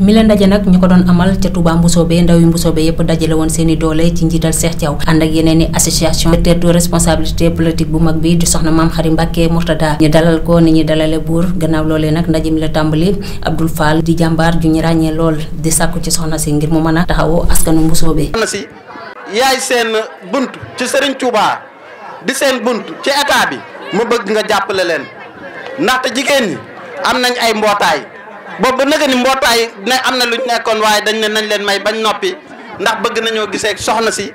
mi la ndaje nag ñu ko doon amal ca Touba Mboussobé ndaw yi Mboussobé yëpp dajale woon seen i doole ci njiital Cheikh Thiaw ànd ak yeneen i association tête de responsabilité politique bu mag bi di soxna maam Xari Mbàkke Murtada ñu dalal ko ni ñu dalale buur gannaaw loolee nag ndaje mi la tàmbali Abdoul Fall di jàmbaar ju ñu ràññee lool di sàkku ci soxna si ngir mu mën a taxawoo askanu Mboussobé si yaay seen bunt ci Serigne Touba di seen bunt ci état bi mu bëgg nga jàppale leen ndaxte jigéen ñi am nañ ay boobu ba nag ni mbootaay ne am na luñ nekkoon waaye dañ ne nañ leen may bañ noppi ndax bëgg nañoo gisee soxna si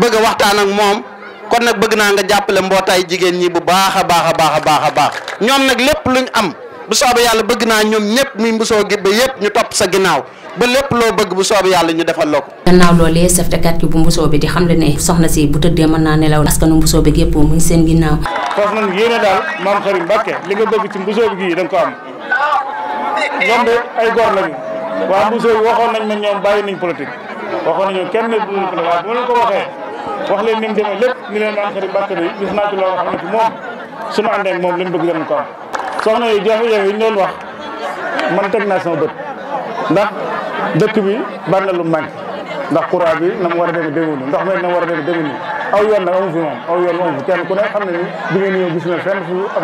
bëgg waxtaan ak moom kon nag bëgg naa nga jàppale mbootaay jigéen ñi bu baax a baax a baax a baax a baax ñoom nag lépp luñ am bu soobee yàlla bëgg naa ñoom ñëpp muy mbusoo gi ba yëpp ñu topp sa gannaaw ba lépp loo bëgg bu soobee yàlla ñu defal la ko. gannaaw loolee chef de quartier bu mbusoo bi di xamle ne soxna si bu tëddee mën naa nelaw askanu mbusoo a daal maam bi gii da nga ñoom ay góor lañu waa Mbuso yi waxoon nañ ma ñoom bàyyi nañ politique waxoon nañu kenn du politique waaye bu ma leen ko waxee wax leen ni mu demee lépp ni leen maam Serigne Mbacké moom suñu mu bëgg dañ ko am soxna yi jafe-jafe yi ñu doon wax man teg naa sama bi bari na lu manqué ndax courant bi na mu war a demee nii ndox mi na mu war a demee demul nii aw yoon nag amu aw yoon amu fi kenn ku ne na fenn fu ab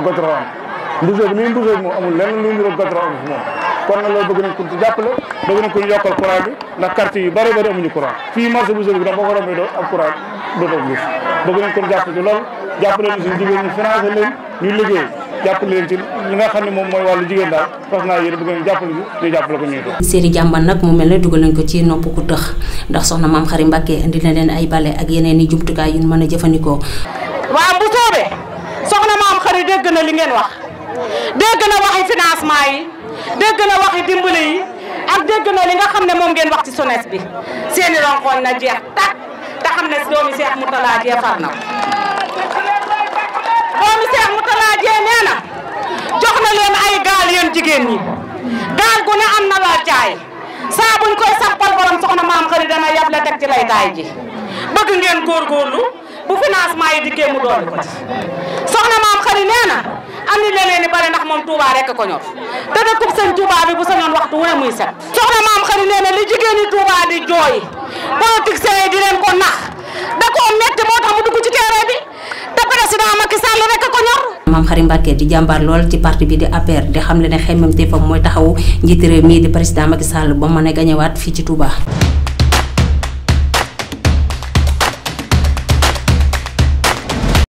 Mbousso bi ni Mbousso bi moom amul lenn lu niroog goudron amul fi moom kon nag loolu bëgg nañ ko ci jàppale bëgg nañ ko ñu yokkal bi ndax quartier yu bëri bëri amuñu courant fii marché Mbousso bi loolu jàppale ñu nga xam ne moom mooy wàllu jigéen daal fas naa yéen bëgg nañ jàppale ñu ñu jàppale ko ñuy doon seeni jàmban nag mel ne dugal nañ ko ci nopp ku tëx ndax soxna maam xari Mbàkke indi na leen ay bale ak yeneen i jumtukaay yu mën a jëfandikoo waa Mbousso soxna maam xari dégg na li ngeen wax dégg na waxi financement yi dégg na waxi dimbali yi ak dégg na li nga xam ne moom ngeen wax ci SONES bi seen i ronkoñ na jeex tak te xam ne doomi Cheikh Moutala Dieng far na doomi Cheikh Moutala Dieng nee jox na leen ay gaal yéen jigéen ñi gaal gu am na la jaay saa buñ koy sappal borom soxna maam xëri dana yable teg ci lay ji bëgg ngeen góorgóorlu bu financement yi dikkee mu doon ko ci soxna maam xëri nee moom Touba rek ko ñor te dëkkub sëñ bi bu sañoon waxtu wu ne muy set. soxna maam xarit nee na li jigéen ñi di jooy politiciens di leen ko nax da koo métti moo tax mu dugg ci terrain bi te président Macky Sall rek ko ñor. maam xarit Mbacke di jàmbaar lool ci parti bi di APR di xam le ne xemmemteefam mooy taxaw njiit réew mii di président Macky sàll ba mën a gañewaat fii ci Touba.